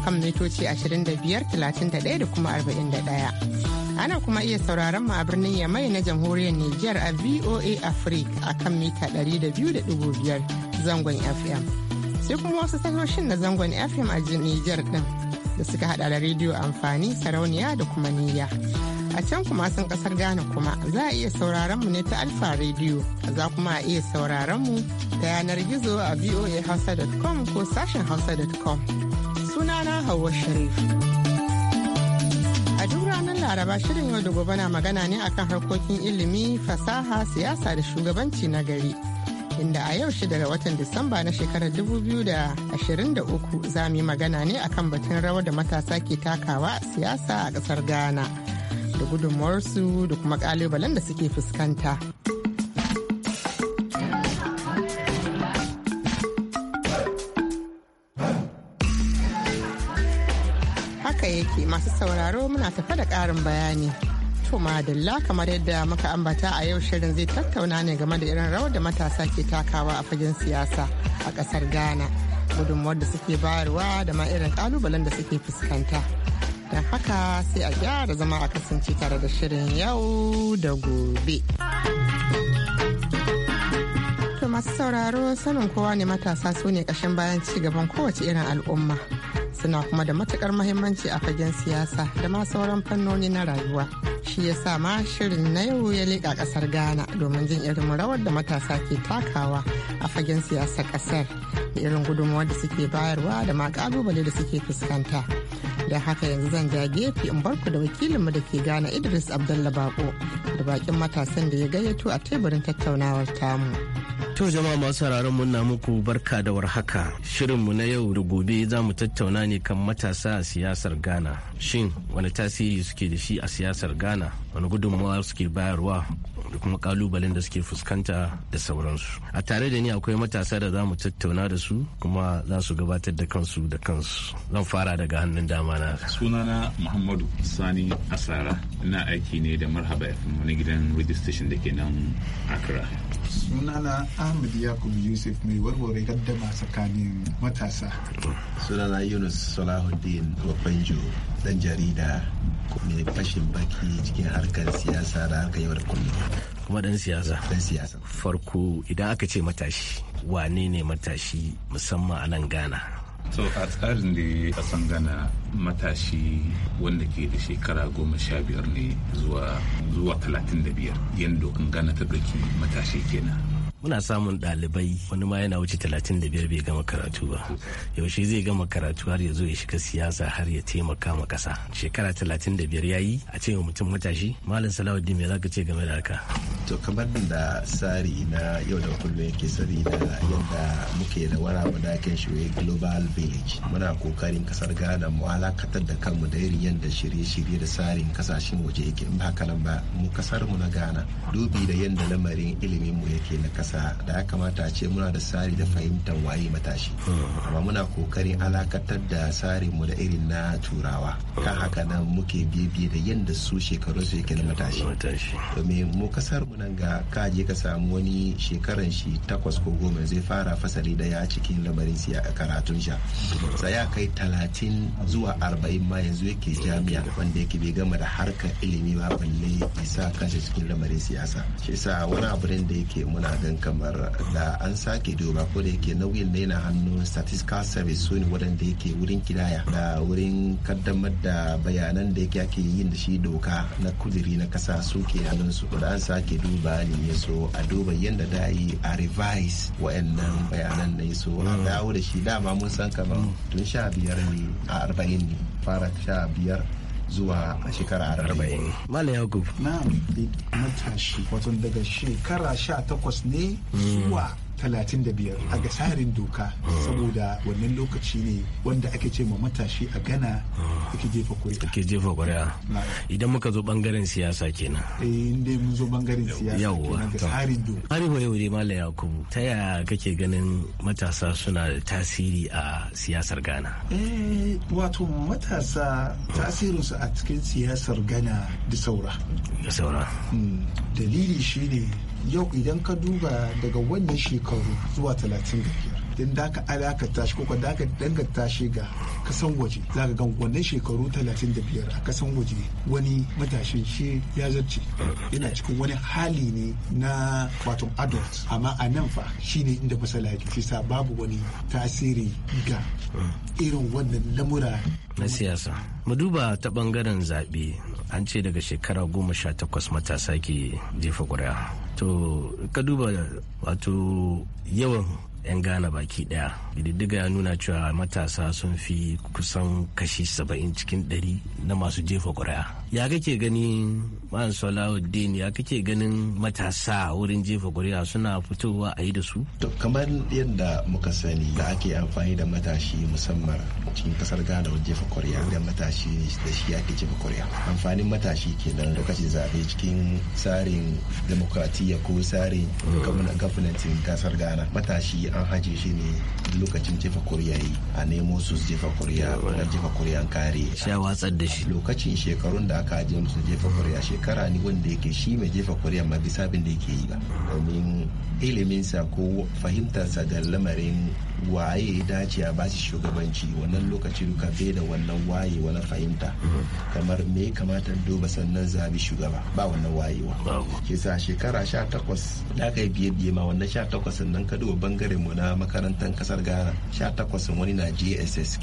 akan mitoci 25,31 da kuma 41. ana kuma iya sauraron mu a birnin yamai na jamhuriyar Nijar a VOA Africa a kan mita 200.5 zangon FM. Sai kuma wasu sasoshin na zangon FM a Nijar din da suka hada da rediyo amfani sarauniya da kuma niyya. A can kuma sun kasar Ghana kuma za a iya sauraron mu ne ta Alfa rediyo za kuma a iya sauraron mu ta yanar gizo a voahausa.com ko sashen hausa.com. Hauwa Sharif. A duk ranar Laraba shirin yau da gobe na magana ne akan harkokin ilimi, fasaha, siyasa da shugabanci na gari. Inda a yau shi daga watan Disamba na shekarar 2023 za mu yi magana ne akan batun rawar da matasa ke takawa siyasa a ƙasar Ghana da gudunmawarsu da kuma ƙalubalen da suke fuskanta. masu sauraro muna tafa da ƙarin bayani. To madalla kamar yadda muka ambata a yau shirin zai tattauna ne game da irin rawar da matasa ke takawa a fagen siyasa a ƙasar Ghana. Gudunmuwar da suke bayarwa da ma irin ƙalubalen da suke fuskanta. Don haka sai a gyara zama a kasance tare da shirin yau da gobe. To masu sauraro sanin kowa ne matasa su ne ƙashin bayan ci gaban kowace irin al'umma. suna kuma da matukar mahimmanci a fagen siyasa da ma sauran fannoni na rayuwa shi ya sa ma shirin na yau ya leƙa ƙasar ghana domin jin irin rawar da matasa ke takawa a fagen siyasar ƙasar da irin gudunmuwar da suke bayarwa da ma ƙalubale da suke fuskanta da haka yanzu zan ja gefe in barku da wakilinmu da ke gana idris abdullah bako da bakin matasan da ya gayyato a teburin tattaunawar tamu. To jama'a masu sauraron mun na muku barka da warhaka. Shirinmu na yau da gobe za mu tattauna ne kan matasa a siyasar Ghana. Shin wani tasiri suke da shi a siyasar Ghana? Wani gudunmawa suke bayarwa da kuma kalubalen da suke fuskanta da sauransu. A tare da ni akwai matasa da za mu tattauna da su kuma za su gabatar da kansu da kansu. Zan fara daga hannun dama na. Sunana Muhammadu Sani Asara. Ina aiki ne da Marhaba FM wani gidan radio station da ke nan Accra. sunana ahmad yakub yusuf mai warware gaddama tsakanin matasa sunana yunus salahuddin babanjo dan jarida mai fashin baki cikin harkar siyasa da harkar yawar kullum kuma dan siyasa dan siyasa farko idan aka ce matashi wane ne matashi musamman a nan ghana so a tsarin da a gana matashi wanda ke da shekara goma sha biyar ne zuwa talatin da biyar yadda dokan gana ta ɗauki matashi kenan muna samun dalibai wani ma yana wuce 35 bai gama karatu ba yaushe zai gama karatu har ya zo ya shiga siyasa har ya taimaka ma kasa shekara 35 ya yi a ce wa mutum matashi malam salahuddin me zaka ce game da haka to kamar da tsari na yau da kullum yake tsari na yadda muke da wara da kan global village muna kokarin kasar ghana mu alakatar da kanmu da irin yadda shirye-shirye da tsarin kasashen waje yake in ba kalan ba mu kasar mu na ghana dubi da yadda lamarin ilimin mu yake na kasa matasa da ya kamata ce muna da tsari da fahimtar waye matashi uh-huh. amma muna kokarin alakatar da tsarin mu da irin na turawa kan uh-huh. haka nan muke bibiye da yadda su shekaru su yake na matashi domin mu kasar mu nan ga ka je ka samu wani shekaran shi takwas ko goma zai fara fasali da ya cikin lamarin siya a karatun sha uh-huh. sai ya kai talatin zuwa arba'in ma yanzu yake jami'a wanda yake bai gama da harkar ilimi ba balle ya sa kansa cikin lamarin siyasa shi sa wani abu da yake muna gan kamar da an sake duba ko da yake nauyin da yana hannun statistical service su ne waɗanda yake wurin kidaya da wurin kaddamar da bayanan da yake ake yin da shi doka na kudiri na kasa su ke hannun su da an sake duba ne ya so a duba yadda da yi a revise wa'annan bayanan da ya so a dawo da shi dama mun san kamar mm. tun sha biyar ne a arba'in ne fara sha biyar zuwa shekara arba'in. Malam Yakub. Na matashi wato daga shekara sha takwas ne zuwa 35 a ga tsarin doka saboda wannan lokaci ne wanda ake ce ma matashi a gana ake jefa kuri'a ake jefa kuri'a idan muka zo bangaren siyasa kenan eh inda mun zo bangaren siyasa kenan ga tsarin doka har yau dai mala yakubu ta yaya kake ganin matasa suna da tasiri a siyasar Gana? eh wato matasa tasirinsu a cikin siyasar Gana da saura da saura hmm, dalili shine yau idan ka duba daga wannan shekaru zuwa talatin da in da ka alakata shi ko da ka dangata shi ga kasan waje za ka gan wannan shekaru 35 a kasan waje wani matashin shi ya zarce yana cikin wani hali ne na wato adult amma a nan fa shi ne inda masala ke babu wani tasiri ga irin wannan lamura na siyasa mu duba ta bangaren zaɓe an ce daga shekara goma sha takwas matasa ke jefa ƙuri'a to ka duba wato yawan 'yan ghana baki daya diddiga ya nuna cewa matasa sun fi kusan kashi saba'in cikin 100 na masu jefa ƙuri'a ya kake ganin man salahuddin ya kake ganin matasa wurin jefa ƙuri'a suna fitowa a yi da su to kamar yadda muka sani da ake amfani da matashi musamman cikin kasar ghana wajen jefa ƙuri'a da matashi da shi ake jefa ƙuri'a amfanin matashi kenan lokacin zaɓe cikin tsarin demokratiya ko tsarin mm. gwamnatin kasar ghana matashi an haje shi ne lokacin jefa kuriya yi a nemo su jefa kuriya kuma jefa kuriya an kare sha watsar da shi lokacin shekarun da aka haje musu jefa kuriya shekara ne wanda yake shi mai jefa kuriya ma bisa abin da yake yi ba domin ilimin sa ko fahimtar sa da lamarin waye ya dace a bashi shugabanci wannan lokaci duka bai da wannan waye wani fahimta mm-hmm. kamar me kamata duba sannan zabi shugaba ba wannan wayewa ke sa shekara 18 da aka yi biye biye ma wannan 18 sannan ka duba bangare mu na makarantar kasar ghana sha takwas wani na gss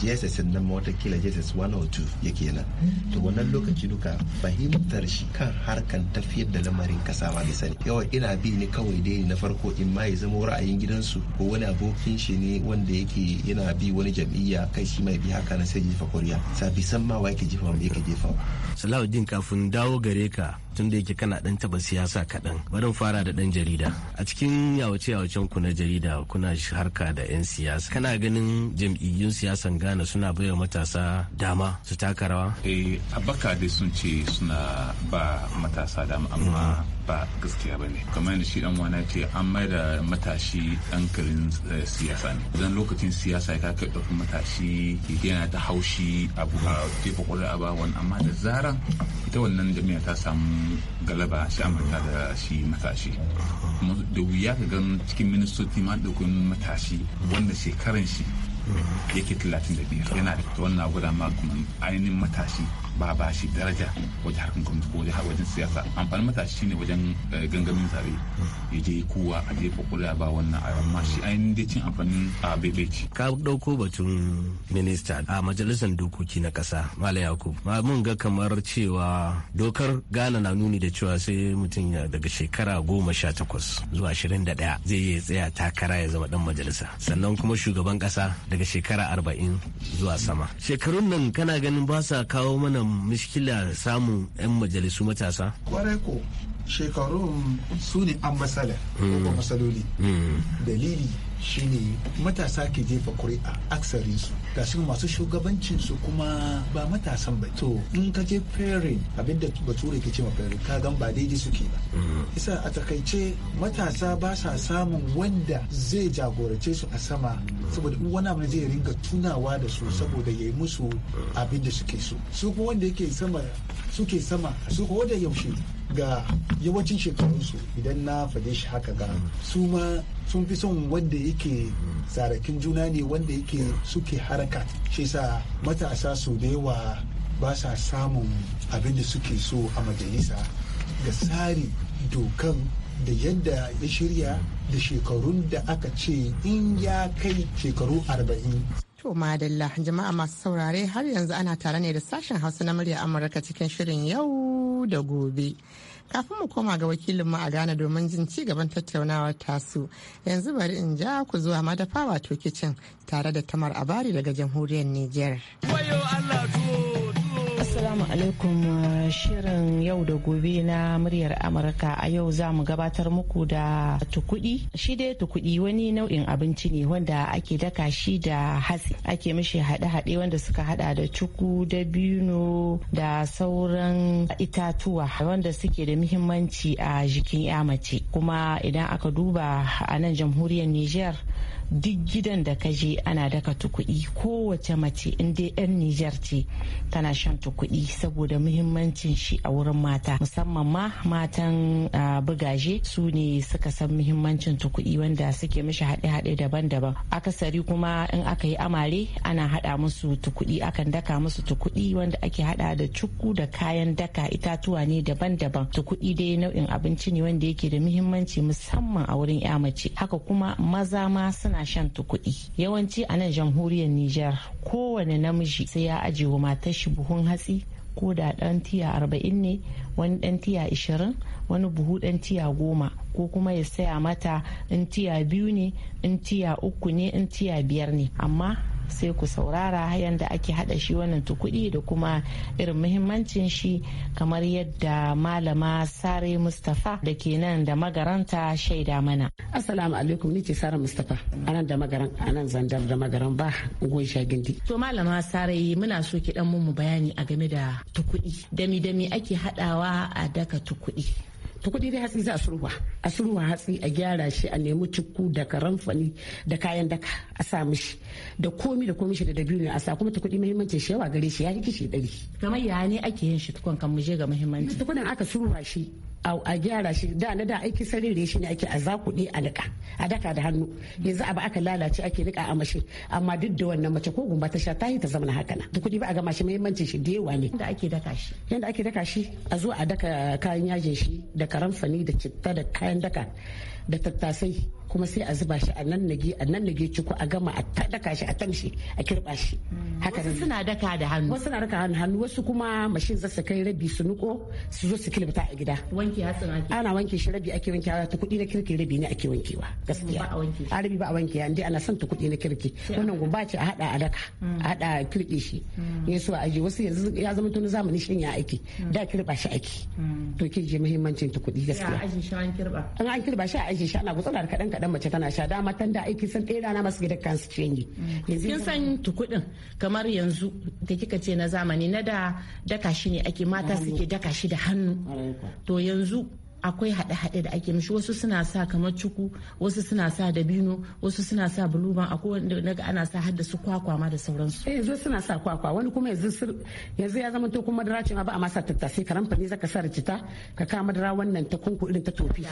gss nan ma gss 102 yake nan to wannan lokaci duka fahimtar shi kan harkan tafiyar da lamarin kasa ba da sani yawan ina bi ne kawai dai na farko in ma ya zama ra'ayin gidansu ko wani abokin shi ne wanda yake yana bi wani jam'iyya kai shi mai bi haka na sai jefa koriya sabi san ma wa yake jefa wa yake jefa salahuddin kafin dawo gare ka tun da yake kana dan taba siyasa kaɗan barin fara da dan jarida a cikin yawace yawacen ku na jarida kuna harka da 'yan siyasa kana ganin jam'iyyun siyasan ghana suna baiwa matasa dama su taka rawa eh abaka dai sun ce suna ba matasa dama amma ba gaskiya ba ne kamar yadda shi dan wana ce an mai da matashi dan karin eh, siyasa ne idan lokacin siyasa ya kai ɗauki matashi yana ta haushi abu a jefa kwallo a wani amma da zaran ita wannan jami'a ta samu galaba shi amurka da shi matashi da wuya ka gan cikin ministoci ma ɗaukin matashi wanda shekaran shi yake 35 yana da wannan guda ma kuma ainihin matashi ba ba shi daraja wajen harkar gwamnati ko wajen wajen siyasa amfanin matashi shine wajen eh, gangamin zabe ya je kowa a je kokula ba wannan a amma shi ainihin dai cin amfanin a bebe ci ka dauko batun minista a majalisar dokoki na kasa malam yakub ma mun ga kamar cewa dokar gana na nuni da cewa sai mutum ya daga shekara goma sha takwas zuwa ashirin da ɗaya zai iya tsaya takara ya zama dan majalisa sannan kuma shugaban kasa daga shekara arba'in zuwa sama shekarun nan kana ganin ba sa kawo mana mishkila samun 'yan majalisu matasa? Kwarai ko shekarun su ne an matsala hmm. ko matsaloli. Hmm. Dalili shine matasa ke jefa kuri'a aksarinsu ga su masu shugabancin su kuma ba matasan ba to in ka je abin abinda bature ke ce ma pairing ka gan ba daidai suke ba mm-hmm. isa a takaice matasa ba sa samun wanda zai jagorace su a sama saboda in wani abu zai ringa tunawa da su mm-hmm. saboda ya yi musu mm-hmm. abin da suke so su kuma wanda yake sama suke sama su ko da yaushe ga yawancin shekarunsu idan na fade shi haka ga su ma sun fi son wanda yake tsarakin juna ne wanda yake suke haraka. shi sa matasa su da yawa ba sa samun abin da suke so a majalisa ga tsari dokan da yadda ya shirya da shekarun da aka ce in ya kai shekaru arba'in. To madalla jama'a masu saurare har yanzu ana tare ne da sashen hausa na murya Amurka cikin shirin yau da gobe. Kafin mu koma ga wakilinmu a Ghana domin jin ci gaban tattaunawar tasu yanzu bari in ja ku zuwa madafa wato kicin tare da tamar abari daga jamhuriyar Nijar. alaikum uh, shirin yau da gobe na muryar Amurka a yau za mu gabatar muku da tukudi. Shi dai tukudi wani nau'in abinci ne wanda ake daka shi da hatsi. Ake mishi haɗe-haɗe wanda suka haɗa da cuku, da dabino da sauran itatuwa wanda suke da muhimmanci a jikin 'ya mace. Kuma idan aka duba a nan jamhuriyar niger. duk gidan da ka je ana daka tukudi kowace mace inda yan nijar ce tana shan tukudi saboda muhimmancin shi a wurin mata musamman ma matan bugaje su ne suka san muhimmancin tukudi wanda suke mishi haɗe-haɗe daban-daban akasari kuma in aka yi amare ana haɗa musu tukudi akan daka musu tukudi wanda ake haɗa da cuku da kayan daka itatuwa ne daban-daban tukudi dai nau'in abinci ne wanda yake da muhimmanci musamman a wurin ya mace haka kuma maza ma suna shan kuɗi yawanci a nan jamhuriyar Nijar kowane namiji sai ya ajiye matar shi buhun hatsi ko da ɗan tiya arba'in ne wani ɗan tiya ashirin wani buhu ɗan tiya goma ko kuma ya saya mata in tiya biyu ne in tiya uku ne in tiya biyar ne amma sai ku saurara hayan da ake hada shi wannan tukudi da kuma irin muhimmancin shi kamar yadda malama sare mustapha da ke nan da magaranta shaida mana assalamu alaikum ni ce sare mustapha anan da magaran anan zandar da magaran ba goyi sha gindi to malama sare muna so ki dan mu bayani a game da tukudi dami dami ake hadawa a daka tukudi to dai hatsi za a surwa a surwa hatsi a gyara shi a nemi cikku da karamfani da kayan daka a sa mishi da komi da komi shi da dabino a sa kuma ta kuɗi muhimmancin shi yawa gare shi ya yi kishi ɗari. kamar ya ne ake yin shi tukun kan muje ga muhimmanci. tukunan aka surwa shi a gyara shi da na da aiki sarere shi ne ake a zakuɗe a niƙa a daka da hannu yanzu abu aka lalace ake niƙa a mashin amma duk da wannan mace ko gumba ta sha ta yi ta zama haka na kuɗi ba a gama shi muhimmancin shi da yawa ne yanda ake daka shi yanda ake daka shi a zo a daka kayan yajin shi da karamfani da citta da kayan daka da tattasai kuma sai a zuba shi a nan nage a nan nage ciko a gama a daka shi a tamshi a kirba shi hmm. haka wasu suna daka da hannu wasu suna daka hannu hannu wasu kuma mashin za su kai rabi su nuko su zo su kilbata a gida wanke hasan ake ana wanke shi rabi ake wanke ta kudi na kirki rabi ne ake wankewa gaskiya a rabi ba a wanke inda ana son ta kudi na kirki wannan gumba ce a hada a daka hmm. a hada kirki shi hmm. ya so aje wasu yanzu ya zama tun zamani ya aiki da kirba shi aiki to kin je muhimmancin ta kudi gaskiya an kirba shi a aje shi ana gutsara kadan kadan kaɗan mace tana sha dama tan da aiki san ɗaya rana masu gidan kansu canji. kin san tukudin kamar yanzu da kika ce na zamani na da daka shi ne ake mata suke daka shi da hannu to yanzu akwai haɗe-haɗe da ake mishi wasu suna sa kamar cuku wasu suna sa dabino wasu suna sa buluban akwai wanda naga ana sa har da su kwakwa ma da sauransu eh yanzu suna sa kwakwa wani kuma yanzu yanzu ya zama to kuma madara ce ma ba a ma sa karan fani zaka sa rita ka ka madara wannan ta kunku irin ta tofi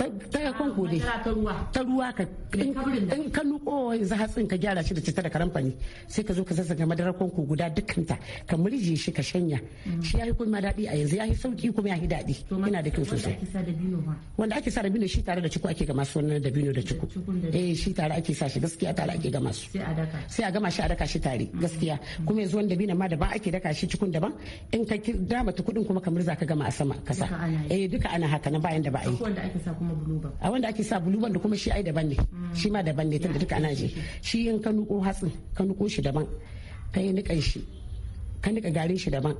ta ta ah, kunku ne ta ruwa ta ruwa ka in ka nuko yanzu hatsin ka gyara shi da cita da karan fani sai ka zo ka zazzaga madarar kunku guda dukkanta ka murje shi ka shanya mm. shi yayi kuma daɗi a yanzu yayi sauki kuma yayi daɗi yana da kyau sosai ake sa dabino ba wanda ake sa dabino shi tare da ciko ake gama su wannan dabino da ciko eh shi tare ake sa shi gaskiya tare ake gama su sai a daka sai a gama shi a daka shi tare mm-hmm. gaskiya kuma yanzu wanda dabino ma daban ake daka shi cikun daban in ka dama ta kudin kuma kamar za ka gama a sama kasa eh duka ana haka na bayan da ba a yi wanda ake sa kuma buluban a wanda ake sa buluban da kuma shi ai daban ne mm. shi ma daban ne tunda duka ana je shi in ka nuko hatsin ka nuko shi daban ka yi nikan shi ka nika garin shi daban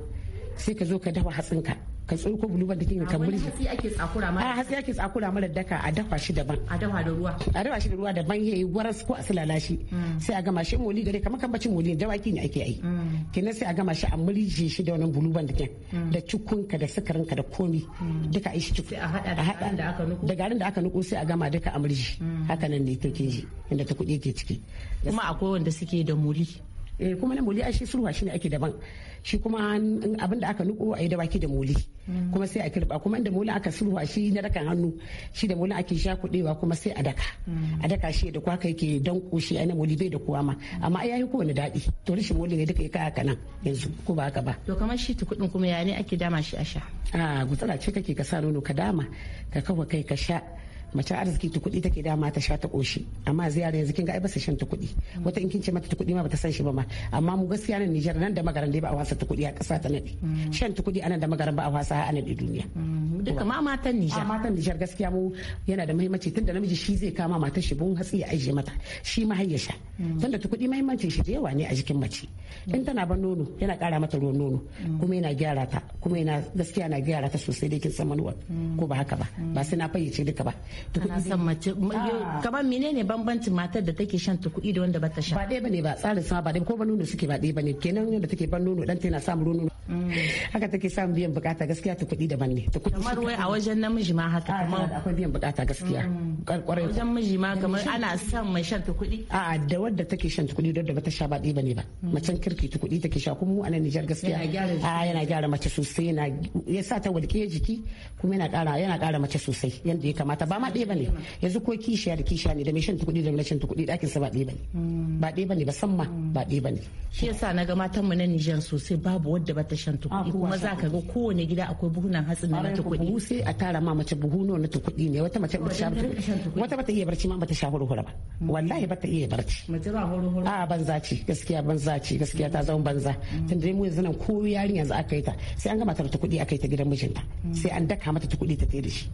sai ka zo ka dafa hatsinka ka tsoro ko buluban da kika kamar shi hatsi ake tsakura A ah, hatsi ake tsakura mara daka a dafa shi daban a dafa da ruwa a dafa shi da ruwa daban yayi waras ko a sulala shi mm. sai a gama shi moli gare kamar kambacin moli waki ne ake yi mm. kenan sai a gama shi a murje shi da wannan buluban da mm. da cikunka da sukarinka da komi duka a yi shi cikin a hada da aka nuku. da garin da aka nuku sai a gama duka a murje haka nan ne to ke ji inda ta ke ciki kuma akwai wanda suke da muli Eh, kuma na muli a shi shi ne ake daban shi kuma abin da aka nuko ayi yi dawaki da muli mm. kuma sai a kirba kuma inda muli aka sulwa shi na dakan hannu shi da muli ake sha kudewa kuma sai a daka mm. a daka shi da kwa kai ke dan koshi a na muli bai da kowa ma amma a yayi kowane daɗi to rashin muli ne duka ya kaya nan yanzu ko ba haka ba to kamar shi tukudin kuma ya ne ake dama shi a sha a ah, gutsara ce kake ka sa nono ka dama ka kawo kai ka sha mace arziki ta kuɗi take dama ta sha ta ƙoshi amma ziyara yanzu kin ga ai ba sa shan ta kuɗi wata in kin ce mata ta kuɗi ma ta san shi ba ma amma mu gaskiya nan Nijar nan da magaran dai ba a wasa ta kuɗi a ƙasa ta nadi mm. shan ta kuɗi anan da magaran ba a wasa a nadi duniya mm. duka ma matan Nijar matan Nijar gaskiya mu yana da muhimmanci tunda namiji shi zai kama matar shi bun hatsi ya aije mata shi ma har sha mm. tunda ta kuɗi muhimmancin shi da yawa ne a jikin mace in tana ban nono yana kara mata ruwan nono kuma yana gyara ta kuma yana gaskiya na gyara ta sosai da kin san manuwar ko ba haka ba ba sai na fayyace duka ba kana san mace ah. kamar menene bambancin matar da take shan tukudi da wanda bata sha ba dai bane ba tsarin sama ba dai ko ba nono suke ba dai bane kenan da take ban nono dan tana samu nono Mm. haka take samun biyan bukata gaskiya ta kuɗi da manne ta kuɗi kamar wai a wajen namiji ma haka ah, kamar akwai biyan bukata gaskiya mm. kwarai wajen miji ma kamar ana son mai shan ta kuɗi a da wadda take shan ta kuɗi da wadda bata sha ba ɗiba ne ba mm. macen kirki ta kuɗi take sha kuma mu a nan Nijar gaskiya a ah, yana gyara mace sosai yana ya sa ta walke jiki kuma yana ƙara yana ƙara mace sosai yanda ya kamata ba ma ɗiba ne yanzu ko kishiya da kishiya ne da mai shan ta kuɗi da mai shan ta kuɗi ɗakin sa ba ɗiba ne ba ɗiba ne ba san ma ba ɗiba ne shi yasa na ga matan mu na Nijar sosai babu wadda bata shan tukudi ah, kuma za ka ga kowane gida akwai buhunan hatsin na tukudi buhu sai a tara ma mace buhuno na tukudi ne wata mace bata shan tukudi wata bata iya barci ma bata sha horo horo ba mm. wallahi bata iya barci mace ba huru a banza ce gaskiya banza ce gaskiya ta zama banza mm. tun dai mu yanzu nan ko yarinya za a kai ta sai an ga matar tukudi a kai ta gidan mijinta mm. sai an daka mata tukudi ta tayi da shi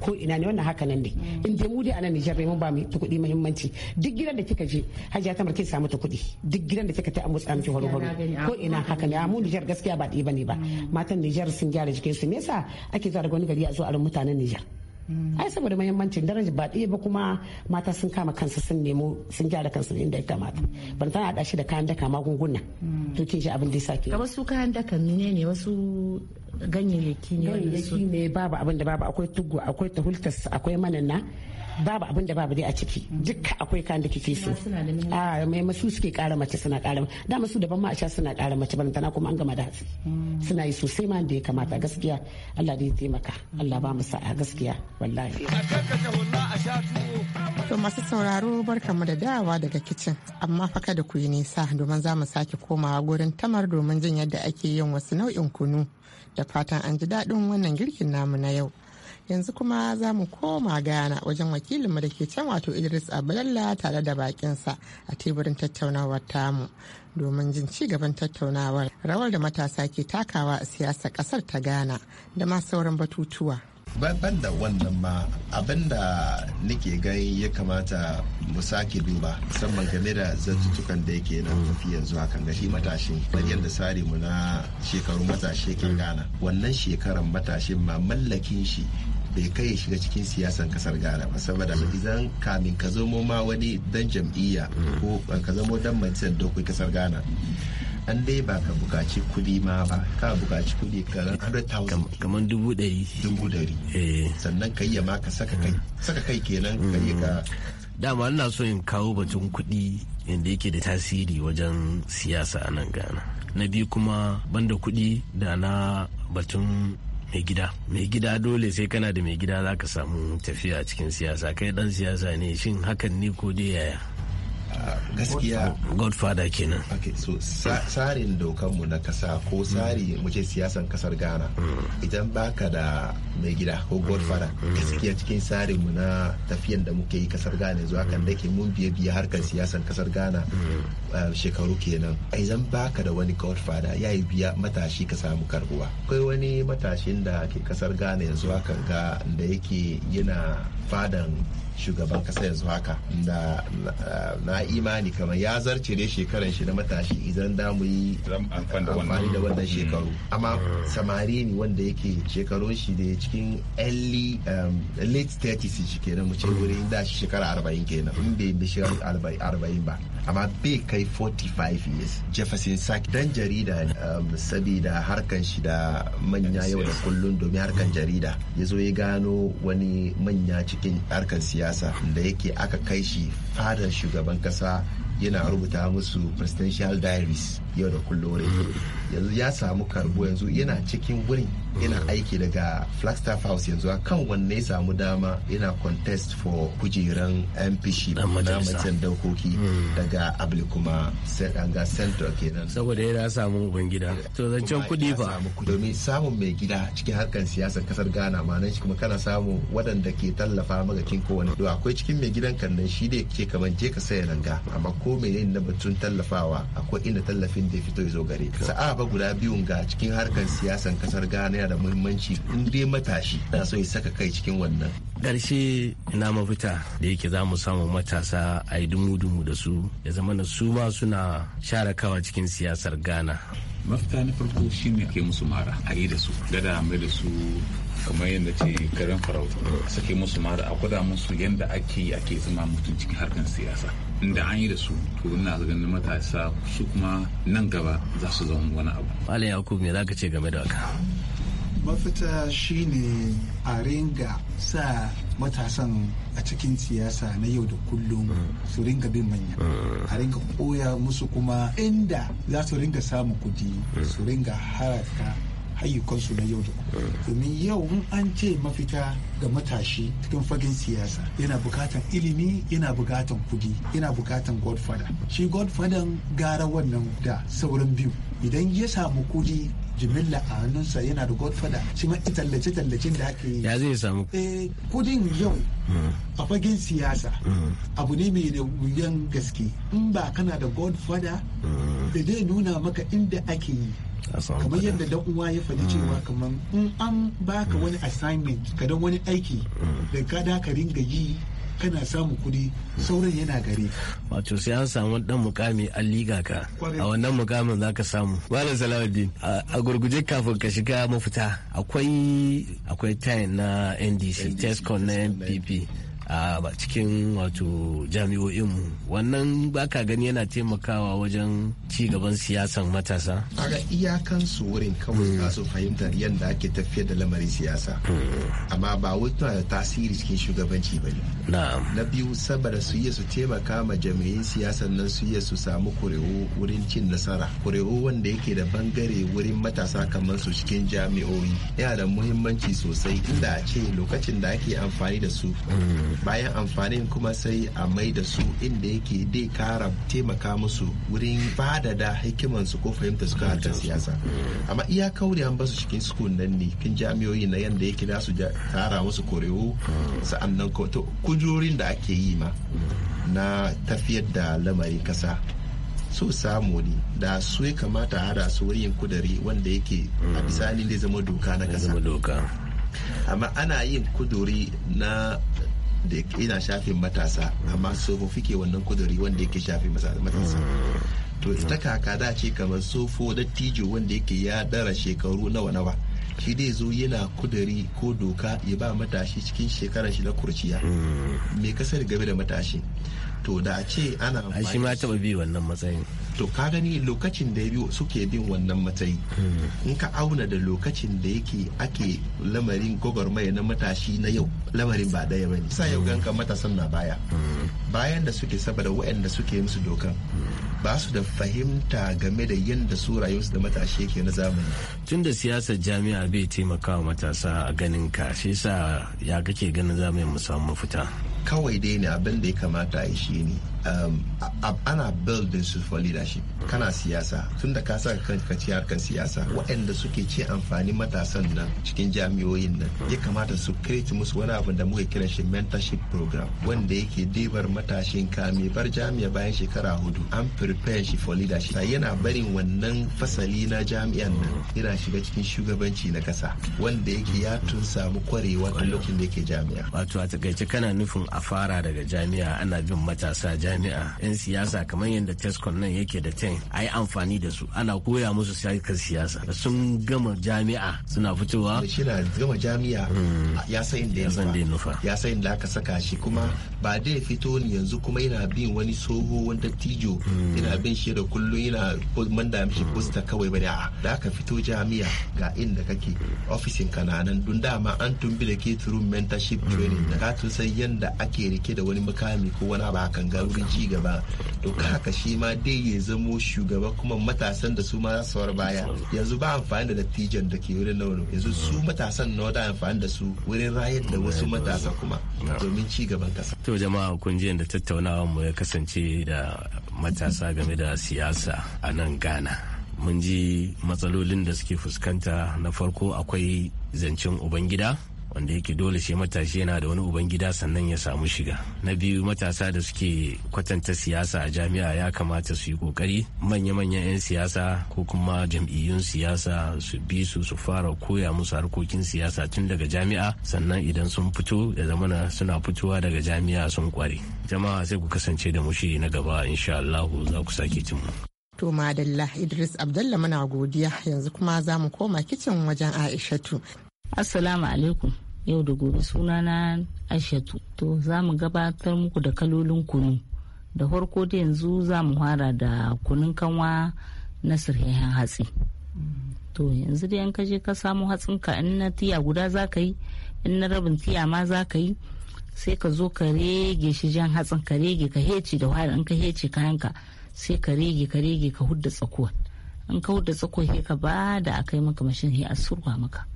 ko ina ne wannan haka nan ne in dai mu dai a nan Nijar ne mun ba mu ta kuɗi muhimmanci duk gidan da kika je Hajiya Tamar kin samu ta kuɗi duk gidan da kika ta amutsa miki horo horo ko ina haka ne mu Nijar gaskiya ba ɗi bane ba mm. matan Nijar sun gyara jikin su me yasa ake zuwa daga wani gari a zo a ran mutanen Nijar Mm. ai saboda mahimmancin daraja ba ɗaya ba kuma mata sun kama kansu sun nemo sun gyara kansu inda ya kamata ban tana da shi da kayan daka magunguna mm. to kin shi abin da yasa ke wasu kayan daka ne ne wasu ganyayyaki ne ne babu abin da babu akwai tugu akwai tahultas akwai manana babu abin da babu dai a ciki duka akwai kan da kike so a ah, mai masu suke kara mace suna kara da masu daban ma a sha suna kara mace bana tana kuma an gama da hatsi hmm. suna yi sosai ma da ya kamata gaskiya Allah dai taimaka Allah ba mu sa'a gaskiya wallahi to masu sauraro barkamu da dawa daga kicin amma fa kada ku yi nisa domin za mu sake komawa gurin tamar domin jin yadda ake yin wasu nau'in kunu da fatan an ji daɗin wannan girkin namu na yau yanzu kuma za mu koma gana wajen wakilinmu da ke can wato idris abdalla tare da bakinsa a teburin tattaunawar tamu domin jin ci gaban tattaunawar rawar da matasa ke takawa a siyasar kasar ta ghana da ma sauran batutuwa ban da wannan ma abinda nake gani ya kamata mu sake duba musamman game da zantutukan da yake na mafi yanzu a kan gashi matashi bayan da tsari mu na shekaru matashi ke gana wannan shekaran matashin ma mallakin shi bai kai shiga cikin siyasan kasar ghana ba saboda idan kamin ka zomo ma wani dan jam'iyya ko ka zomo dan majalisar dokoki kasar ghana an dai ba ka bukaci kudi ma ba ka bukaci kudi karan 100,000 kamar dubu dari dubu dari eh. sannan ka iya ma ka saka kai saka kai kenan ka iya ka mm. dama ina so in kawo batun kudi inda yake da tasiri wajen siyasa a nan ghana na biyu kuma banda kudi da na batun mai gida mai gida dole sai kana da mai gida za ka samu tafiya cikin siyasa kai dan siyasa ne shin hakan ne ko dai yaya gaskiya godfather kenan okay so tsarin dokanmu na kasa ko hmm. tsari muke siyasan kasar ghana hmm. idan baka da mai gida ko hmm. godfather gaskiya cikin tsarin mu na tafiyan da muke yi kasar ghana yanzu kan da ke mun biye biye harkar siyasan kasar ghana eh, shekaru kenan idan baka da wani godfather ya yi biya matashi ka samu karbuwa akwai wani matashin da ke kasar ghana yanzu haka ga da yake yana fadan shugaban kasa yanzu haka da eh, na imani kamar ya zarce ne shekaran shi na matashi idan da mu yi amfani da wannan shekaru hmm. amma hmm. samari ne wanda yake shekarun shi da cikin early um, late 30s shi kenan mu ce hmm. wurin da shi shekara 40 kenan in bai da shekara 40 ba amma bai kai 45 years jefferson sack dan jarida ne um, sabida harkan shi da manya yau da kullun domin harkan jarida ya zo ya gano wani manya cikin harkan siyasa siyasa da yake aka kai shi fadar shugaban kasa yana rubuta musu presidential diaries yau da kullum yanzu ya samu karbo yanzu yana cikin wurin ina aiki daga flagstaff house yanzu kan wanne samu dama ina contest for kujeran Mpc. na majalisar dokoki hmm. daga abli kuma ga central kenan saboda ya samu gida to zancen kudi fa domin samun mai gida cikin harkar siyasar kasar ghana ma nan shi kuma kana samu waɗanda ke tallafa maka kin kowane to akwai cikin mai gidan kan nan shi ne ke kamar je ka saya ranga amma ko menene na batun tallafawa akwai inda tallafin da ya fito ya zo gare sa'a ba guda biyun ga cikin harkar siyasar kasar ghana da muhimmanci in dai matashi na so ya saka kai cikin wannan ƙarshe na mafita da yake za mu samu matasa a yi dumu-dumu da su ya zama na su ma suna share kawa cikin siyasar ghana mafita na farko shi ne ke musu mara a yi da su gada mai da su kamar yadda ce karen farau sake musu mara a gwada musu yadda ake yi ake zama mutum cikin harkar siyasa inda an yi da su to ina na matasa su kuma nan gaba za su zama wani abu malam yakub me zaka ce game da haka mafita shine a ringa sa matasan a cikin siyasa na yau da kullum su ringa bin manya a ringa koya musu kuma inda za su ringa samun kudi su ringa haraka ayyukansu na yau da kullum domin yau in an ce mafita ga matashi cikin fagen siyasa yana bukatan ilimi yana bukatan kudi yana bukatan godfather shi godfather gara wannan da sauran biyu idan ya samu kudi jimilla a hannunsa yana da godfather shi ma tallace tallacin da ake yi ya zai samu eh, kudin yau hmm. a fagen siyasa hmm. abu ne mai da wuyan gaske in ba kana da godfather hmm. da zai nuna maka inda ake yi kamar yadda dan uwa ya faɗi cewa kamar in an baka wani assignment ka dan wani aiki da ka da ka ringa yi kana samun kuɗi sauran yana gare wato sai an samu dan mukami a liga ka a wannan mukamin zaka samu wala salawuddin a gurguje kafin ka shiga mafita akwai akwai tayin na ndc tescon na npp a cikin wato jami'o'in mu wannan baka gani yana taimakawa wajen ci gaban siyasan matasa kaga iyakan su wurin kawai za su fahimtar yadda ake tafiyar da lamarin siyasa hmm. amma ba wata da tasiri cikin shugabanci ba ne. na biyu saboda su iya su taimaka ma jami'in siyasan nan su iya su samu kurewu wurin cin nasara kurewu wanda yake da bangare wurin matasa kamar su cikin jami'o'i yana da muhimmanci sosai inda a ce lokacin da ake amfani da su hmm. bayan amfanin kuma sai a mai da su inda yake dai kara taimaka musu wurin da fadada su ko fahimta su kan siyasa amma iya kauri an basu cikin sukun nan ne kin jami'oyi na yanda yake da su tara musu korewo sa'annan to kujorin da ake yi ma na tafiyar da lamarin kasa so samu ne da su ya kamata hada su wurin kudari wanda yake a hmm. bisani zama doka na kasa amma ana yin kuduri na da yana shafin matasa amma tsofaffi ke wannan kuduri wanda yake shafin matasa to ita kaka za ce kamar da dattijo wanda yake ya dara shekaru nawa nawa shi dai zo yana kudari ko doka ya ba matashi cikin shekarar shi na kurciya mm. me kasar game da matashi to da a ce ana amfani shi ma taba bi wannan matsayin to ka gani lokacin da ya bi suke bin wannan matsayi hmm. in ka auna da lokacin da yake ake lamarin gwagwarmaya na matashi na yau lamarin ba daya bane sa yau hmm. ganka matasan na baya hmm. bayan da suke saboda waɗanda suke musu dokan ba su da fahimta game da yadda su rayuwarsu da matashi yake na zamani. Tun da siyasar jami'a bai taimaka wa matasa a ganin ka shi sa ya kake ganin zamani mu samu mafita. kawai dai ne abin da ya kamata a yi shi ne Um, ana building su for leadership kana siyasa tun da ka sa kanka ci harkar siyasa waɗanda suke ce amfani matasan nan cikin jami'oyin nan ya kamata su create musu wani abu da muka kira shi mentorship program wanda yake dibar matashin ka mai bar jami'a bayan shekara hudu an prepare shi for leadership yana barin wannan fasali na jami'an nan yana shiga cikin shugabanci na kasa wanda yake ya tun samu kwarewa a lokacin da yake jami'a wato a takaice kana nufin a fara daga jami'a ana bin matasa jami'a jami'a 'yan siyasa kamar yadda tescon nan yake da ten a yi amfani da su ana koya musu sakar siyasa da sun gama jami'a suna fitowa hmm. ya san inda ya nufa ya inda aka saka shi kuma ba dai fito ne yanzu kuma yana bin wani soho wani dattijo hmm. yana bin shi da kullum yana manda mishi hmm. posta kawai ba da aka fito jami'a ga inda kake ofisin kananan dun dama an tumbi da ke turun mentorship hmm. training da ka tun san yanda ake rike da wani mukami ko wani ba kan ga wurin ci gaba to haka shi ma dai ya zamo shugaba kuma matasan da su ma za su baya yanzu ba amfani da dattijan da ke wurin nauru yanzu su matasan nawa da amfani da su wurin rayar da wasu matasa kuma domin ci gaban kasa to jama'a kun ji da tattaunawar mu ya kasance da matasa game da siyasa a nan Ghana. Mun ji matsalolin da suke fuskanta na farko akwai zancen Ubangida wanda yake dole sai matashi yana da wani ubangida sannan ya samu shiga na biyu matasa da suke kwatanta siyasa a jami'a ya kamata su yi kokari manya-manyan 'yan siyasa ko kuma jam'iyyun siyasa su bi su su fara koya musu harkokin siyasa tun daga jami'a sannan idan sun fito da zamana suna fitowa daga jami'a sun kware jama'a sai ku kasance da mu shiri na gaba insha Allah za ku sake cin mu To Madalla Idris Abdallah muna godiya yanzu kuma za mu koma kicin wajen Aishatu. Assalamu alaikum. yau da gobe sunana ashatu to za mu gabatar muku da kalolin kunu da farko da yanzu za mu fara da kunun kanwa na sirhehen hatsi to yanzu da ka je ka samu hatsinka in na tiya guda za ka yi in na rabin tiya ma za ka yi sai ka zo ka rege shi jan hatsin ka rege ka hece da wahala in ka hece kayanka sai ka rege ka rege ka hudda tsakuwa in ka hudda tsakuwa sai ka ba da akai maka mashin sai a surwa maka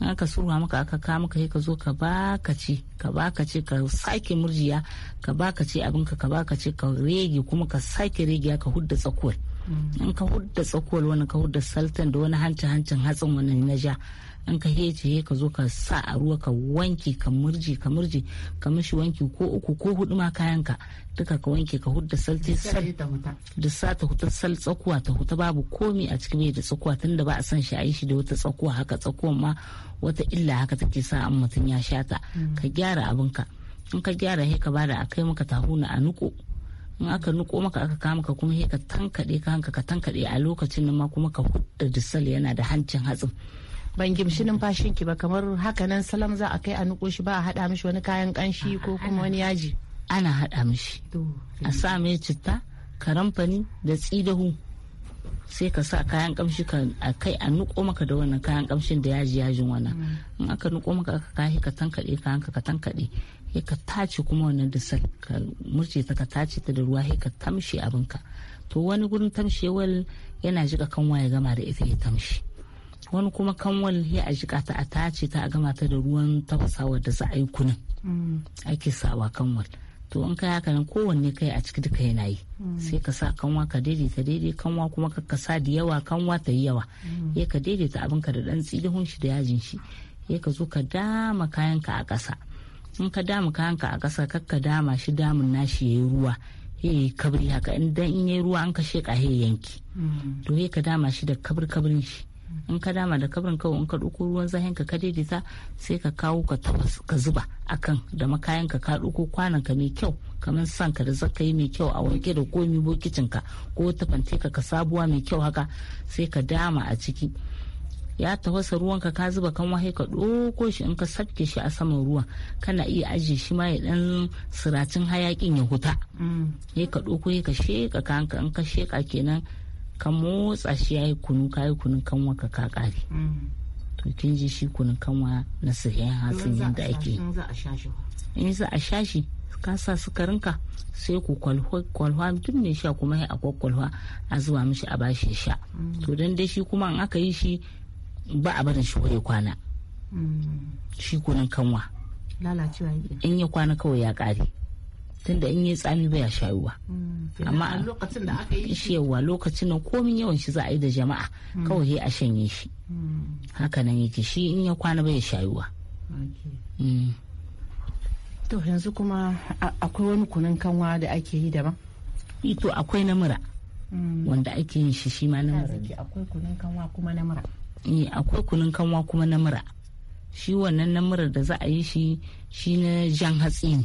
in aka surwa maka aka ka maka ka zo ka ba ka ce ka ba ka ce ka sake murjiya ka ba ka ce abinka ka ba ka ce ka rege kuma ka sake rege ka hudda tsakuwar mm. in ka hudda tsakuwar wani ka hudda saltan da wani hancin hancin hatsin wani na ja an ka hece ka zo ka sa a ruwa ka wanke ka murje ka murje ka mishi wanki ko uku ko hudu ma kayanka duka ka wanke ka hudda salti da sa ta huta sal tsakuwa ta huta babu komi a cikin mai da tsakuwa tunda ba a san shi a yi shi da wata tsakuwa haka tsakuwan ma wata illa haka take sa an mutum ya shata mm. ka gyara abinka in ka gyara he ka bada a kai maka tahuna a nuko in aka nuko maka aka kama ka kuma he ka tankade ka hanka ka tankade a lokacin nan ma kuma ka hudda sal yana da hancin hatsin ban gimshi numfashin ki ba kamar haka nan salam za a kai a nuko shi ba a hada mishi wani kayan kanshi ko kuma wani yaji ana hada mishi a sa mai citta karamfani da tsidahu sai ka sa kayan kamshi ka a kai a nuko maka da wannan kayan kamshin da yaji yajin wannan mm. in aka nuko maka aka kai ka tankade kayan ka tankade sai ka tace kuma wannan da ka murce ta ka tace ta da ruwa sai ka tamshe abinka to wani gurin tamshewal yana jika kanwa ya gama da ita ya tamshi wani kuma kanwal ya a shiga ta a tace ta a gama ta da ruwan tafasawa da za a yi kunin mm. ake sawa kanwal to in kai haka nan kowanne kai a ciki duka yana yi mm. sai ka sa kanwa ka daidaita daidai kanwa kuma ka sa da yawa kanwa ta yi yawa ya mm. ka daidaita abinka da dan tsilihun shi da yajin shi ya ka zo ka dama kayan ka a kasa in ka dama kayan ka a kasa kar ka dama shi damun nashi ya yi ruwa ya yi kabri haka in dan in ya yi ruwa an ka sheƙa ya yanki to ya ka dama shi da kabri kabrin shi in ka dama da kabrin kawai in ka ɗauko ruwan zahin ka ka daidaita sai ka kawo ka tabas ka zuba akan da makayan ka ka ɗauko kwanan ka mai kyau kamar san ka da zaka yi mai kyau a wanke da komi bokicin ka ko tafante ka ka sabuwa mai kyau haka sai ka dama a ciki ya tafasa ruwanka ka zuba kan wahai ka ɗauko shi in ka sabke shi a saman ruwan kana iya ajiye shi ma ya ɗan siracin hayakin ya huta ya mm. ka ɗauko ya ka sheka kanka in ka sheka kenan ka motsa shi yayi kunu ka yi kunun kanwa ka kakare kare mm-hmm. to kin ji shi kunun kanwa na sayan hatsin yadda ake in za a sha shi ka sa sukarinka sai ku kwalwa duk ne sha kuma ya akwai kwalwa a zuwa mishi a bashi sha mm-hmm. to dan dai shi kuma in aka yi shi ba a barin shi ya kwana mm-hmm. shi kunun kanwa in ya kwana kawai ya kare da in yi tsami baya shayuwa mm. amma lokacin da aka yi shi yawa lokacin nan komin yawan shi za a yi da jama'a mm. kawai a shanye shi mm. haka nan yake shi in ya kwana baya shayuwa to yanzu kuma akwai wani kunun kanwa da ake yi daban ito akwai na mura wanda ake yin shi shi ma na mura akwai kunun kanwa kuma na mura eh, akwai kunun kanwa kuma na mura shi wannan na da za a yi shi shi na jan hatsi ne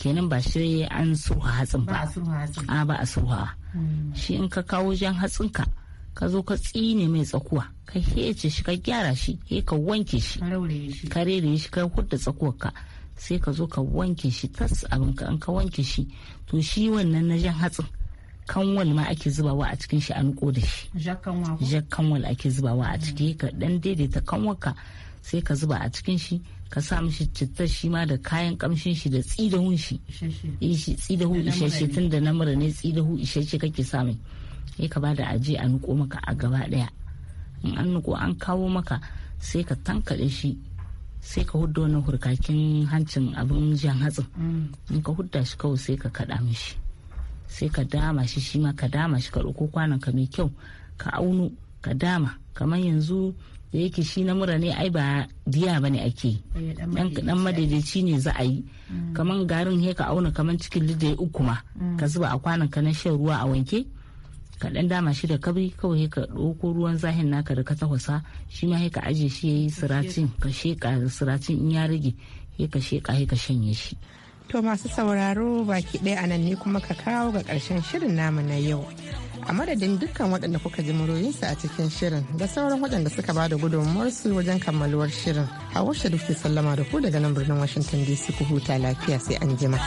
kenan ba shi an surha hatsin ba a ba a surha shi in ka kawo jan hatsinka ka zo ka tsine mai tsakuwa ka hece shi ka gyara shi he ka wanke shi ka rere shi ka hudda ka sai ka zo ka wanke shi tas abin ka in ka wanke shi to shi wannan na jan hatsin kanwal ma ake zubawa a cikin shi an da shi jakkanwal ake zubawa a ciki ka dan daidaita ka. sai ka zuba a cikin shi ka sa mishi cittar shi ma da kayan kamshin shi da tsidahun shi tsidahu isasshe eh, tun da namura ne tsidahu isasshe kake sa mai sai ka bada aje a nuko maka a gaba daya in an nuko an kawo maka sai ka tankaɗe shi sai ka hudda wani hurkakin hancin abin jan hatsin mm. in ka hudda shi kawai sai ka kaɗa mishi sai ka dama shi shi ma ka dama shi ka ɗauko kwanan ka mai kyau ka auno ka dama kamar yanzu da yake shi na mura ne ai ba diya ba ne ake eh, dan madaidaici ne za a yi mm. kaman garin he ka auna kaman cikin lidda uku ma mm. ka zuba a kwanan ka na shan ruwa a wanke ka dan dama shi da kabri kawai ka ɗauko ruwan zahin naka da ka tafasa shi ma ka aje shi yayi siracin ka sheka siracin in ya rage he ka sheka shanye shi To masu sauraro baki ɗaya anan ne kuma ka kawo ga ƙarshen shirin namu na yau. A madadin dukkan waɗanda kuka ji muroyinsu a cikin shirin da sauran waɗanda suka ba da su wajen kammaluwar shirin. a Sharif ke sallama da ku daga nan birnin Washington DC ku huta lafiya sai an jima.